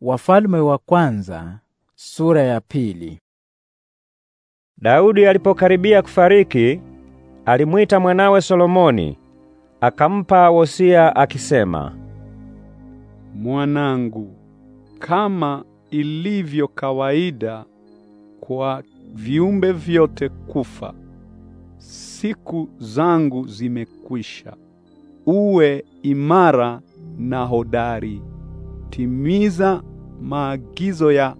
Wafalme wa kwanza, sura ya pili. Daudi alipokaribia kufariki, alimwita mwanawe Solomoni, akampa wosia akisema, Mwanangu, kama ilivyo kawaida kwa viumbe vyote kufa, siku zangu zimekwisha. Uwe imara na hodari kutimiza maagizo ya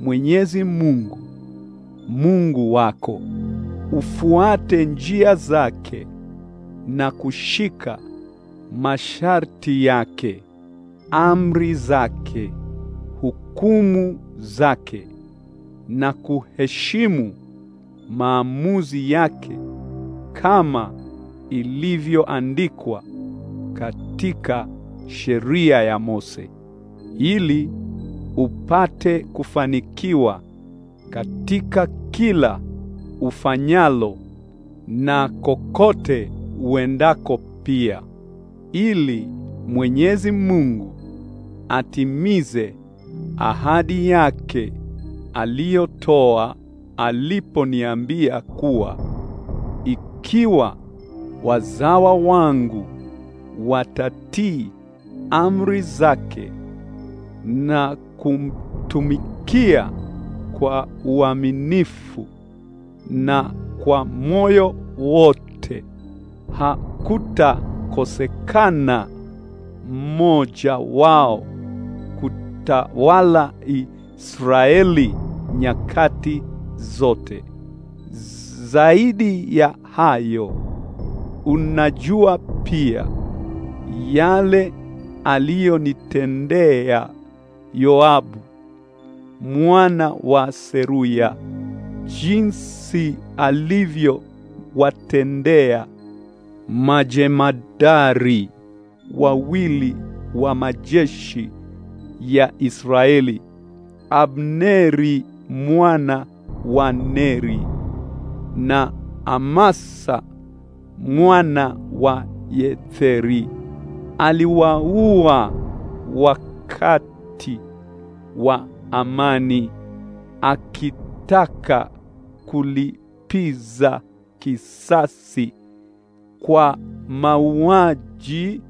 Mwenyezi Mungu Mungu wako, ufuate njia zake na kushika masharti yake, amri zake, hukumu zake na kuheshimu maamuzi yake kama ilivyoandikwa katika sheria ya Mose ili upate kufanikiwa katika kila ufanyalo na kokote uendako pia, ili Mwenyezi Mungu atimize ahadi yake aliyotoa aliponiambia kuwa ikiwa wazawa wangu watatii amri zake na kumtumikia kwa uaminifu na kwa moyo wote, hakutakosekana mmoja wao kutawala Israeli nyakati zote. Zaidi ya hayo, unajua pia yale aliyonitendea Yoabu mwana wa Seruya jinsi alivyowatendea majemadari wawili wa majeshi ya Israeli, Abneri mwana wa Neri na Amasa mwana wa Yetheri. Aliwaua wakati wa amani, akitaka kulipiza kisasi kwa mauaji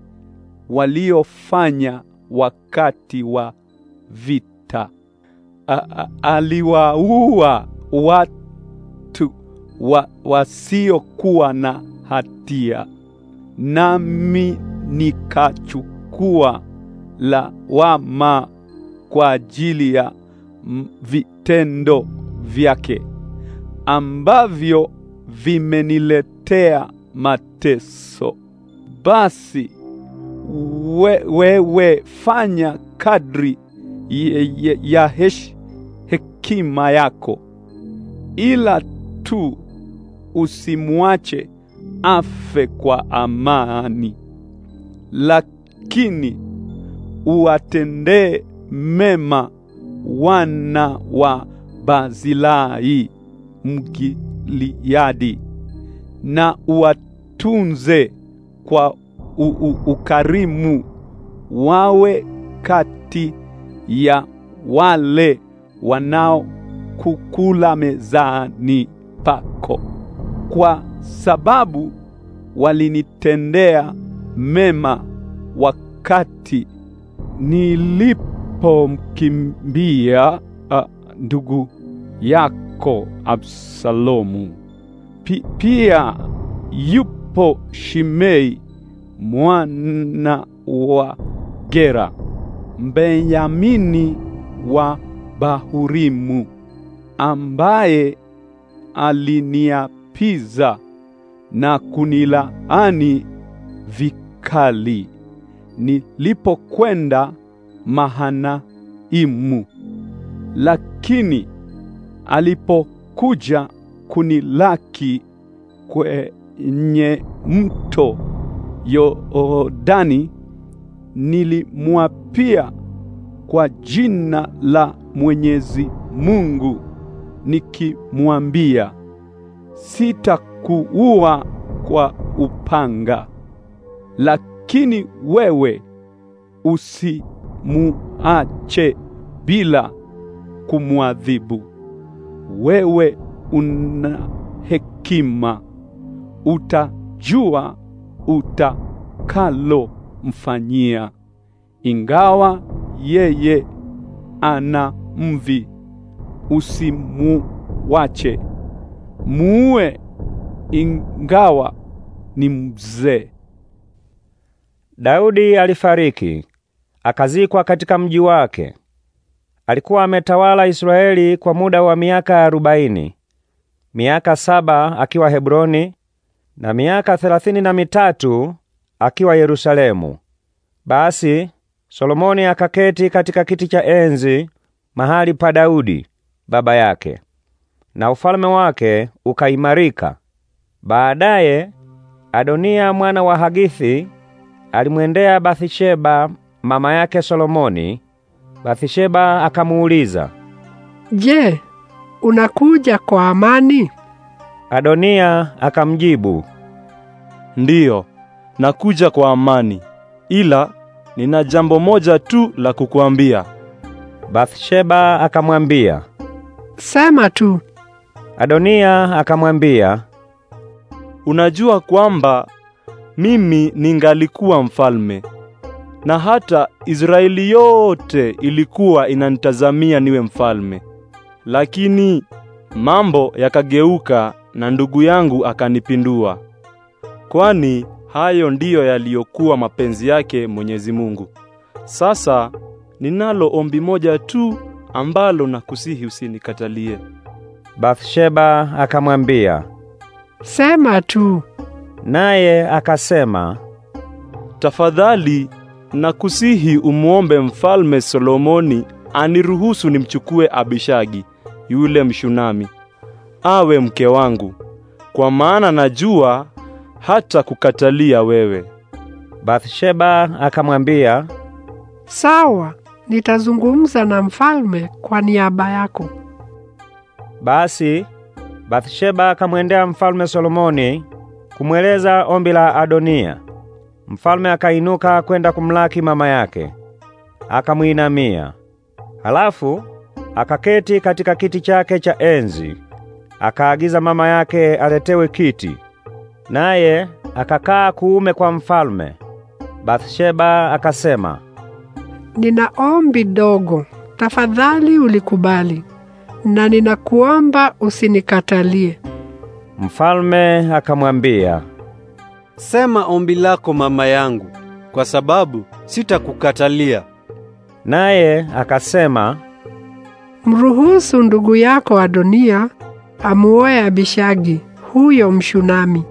waliofanya wakati wa vita. Aliwaua watu wa, wasiokuwa na hatia, nami nikachukua lawama kwa ajili ya vitendo vyake ambavyo vimeniletea mateso. Basi wewe we, fanya kadri ye, ye, ya hesh, hekima yako, ila tu usimwache afe kwa amani, lakini uwatendee mema wana wa bazilai Mgiliadi, na uwatunze kwa u -u ukarimu, wawe kati ya wale wanaokukula mezani pako, kwa sababu walinitendea mema wakati nilipo alipomkimbia uh, ndugu yako Absalomu. P pia yupo Shimei mwana wa Gera Mbenyamini wa Bahurimu ambaye aliniapiza na kunilaani vikali nilipokwenda Mahanaimu. Lakini alipokuja kunilaki kwenye mto Yordani, nilimwapia kwa jina la Mwenyezi Mungu nikimwambia, sitakuua kwa upanga, lakini wewe usi muache bila kumwadhibu. Wewe una hekima, utajua utakalomfanyia. Ingawa yeye ana mvi, usimuwache. Muue ingawa ni mzee. Daudi alifariki akazikwa katika mji wake. Alikuwa ametawala Israeli kwa muda wa miaka arobaini, miaka saba akiwa Hebroni na miaka thelathini na mitatu akiwa Yerusalemu. Basi Solomoni akaketi katika kiti cha enzi mahali pa Daudi baba yake, na ufalme wake ukaimarika. Baadaye Adonia mwana wa Hagithi alimwendea Bathsheba mama yake Solomoni, bathisheba akamuuliza, "Je, unakuja kwa amani?" Adonia akamjibu, "Ndiyo, nakuja kwa amani. Ila nina jambo moja tu la kukuambia." Bathsheba akamwambia, "Sema tu." Adonia akamwambia, "Unajua kwamba mimi ningalikuwa mfalme na hata Israeli yote ilikuwa inanitazamia niwe mfalme. Lakini mambo yakageuka na ndugu yangu akanipindua. Kwani hayo ndiyo yaliyokuwa mapenzi yake Mwenyezi Mungu. Sasa ninalo ombi moja tu ambalo nakusihi usinikatalie. Bathsheba akamwambia, "Sema tu." Naye akasema, "Tafadhali nakusihi umuombe mfalme Solomoni aniruhusu nimchukue Abishagi yule mshunami awe mke wangu, kwa maana najua hata kukatalia wewe. Bathsheba akamwambia, sawa, nitazungumza na mfalme kwa niaba yako. Basi Bathsheba akamwendea mfalme Solomoni kumweleza ombi la Adonia. Mfalme akainuka kwenda kumlaki mama yake, akamwinamia. Halafu akaketi katika kiti chake cha enzi, akaagiza mama yake aletewe kiti, naye akakaa kuume kwa mfalme. Bathsheba akasema, nina ombi dogo, tafadhali ulikubali, na ninakuomba usinikatalie. Mfalme akamwambia, Sema ombi lako mama yangu, kwa sababu sitakukatalia. Naye akasema, mruhusu ndugu yako Adonia amuoe Abishagi huyo Mshunami.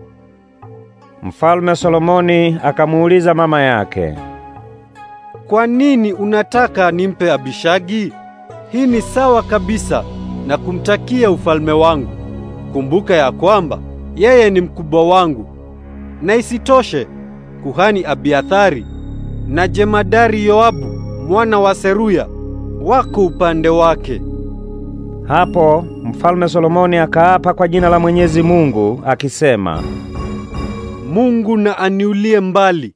Mfalme Solomoni akamuuliza mama yake, kwa nini unataka nimpe Abishagi? Hii ni sawa kabisa na kumtakia ufalme wangu. Kumbuka ya kwamba yeye ni mkubwa wangu na isitoshe kuhani Abiathari na jemadari Yoabu mwana wa Seruya wako upande wake. Hapo mfalme Solomoni akaapa kwa jina la Mwenyezi Mungu akisema, Mungu na aniulie mbali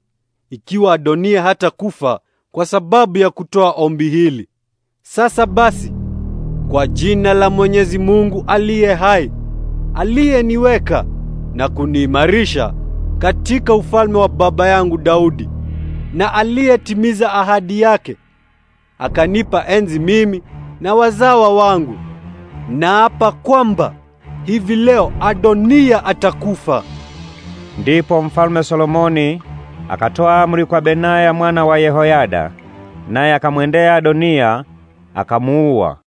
ikiwa Adonia hata kufa kwa sababu ya kutoa ombi hili. Sasa basi, kwa jina la Mwenyezi Mungu aliye hai, aliyeniweka na kuniimarisha katika ufalme wa baba yangu Daudi, na aliyetimiza ahadi yake akanipa enzi mimi na wazawa wangu. Naapa kwamba hivi leo Adonia atakufa. Ndipo mfalme Solomoni akatoa amri kwa Benaya mwana wa Yehoyada, naye akamwendea Adonia akamuua.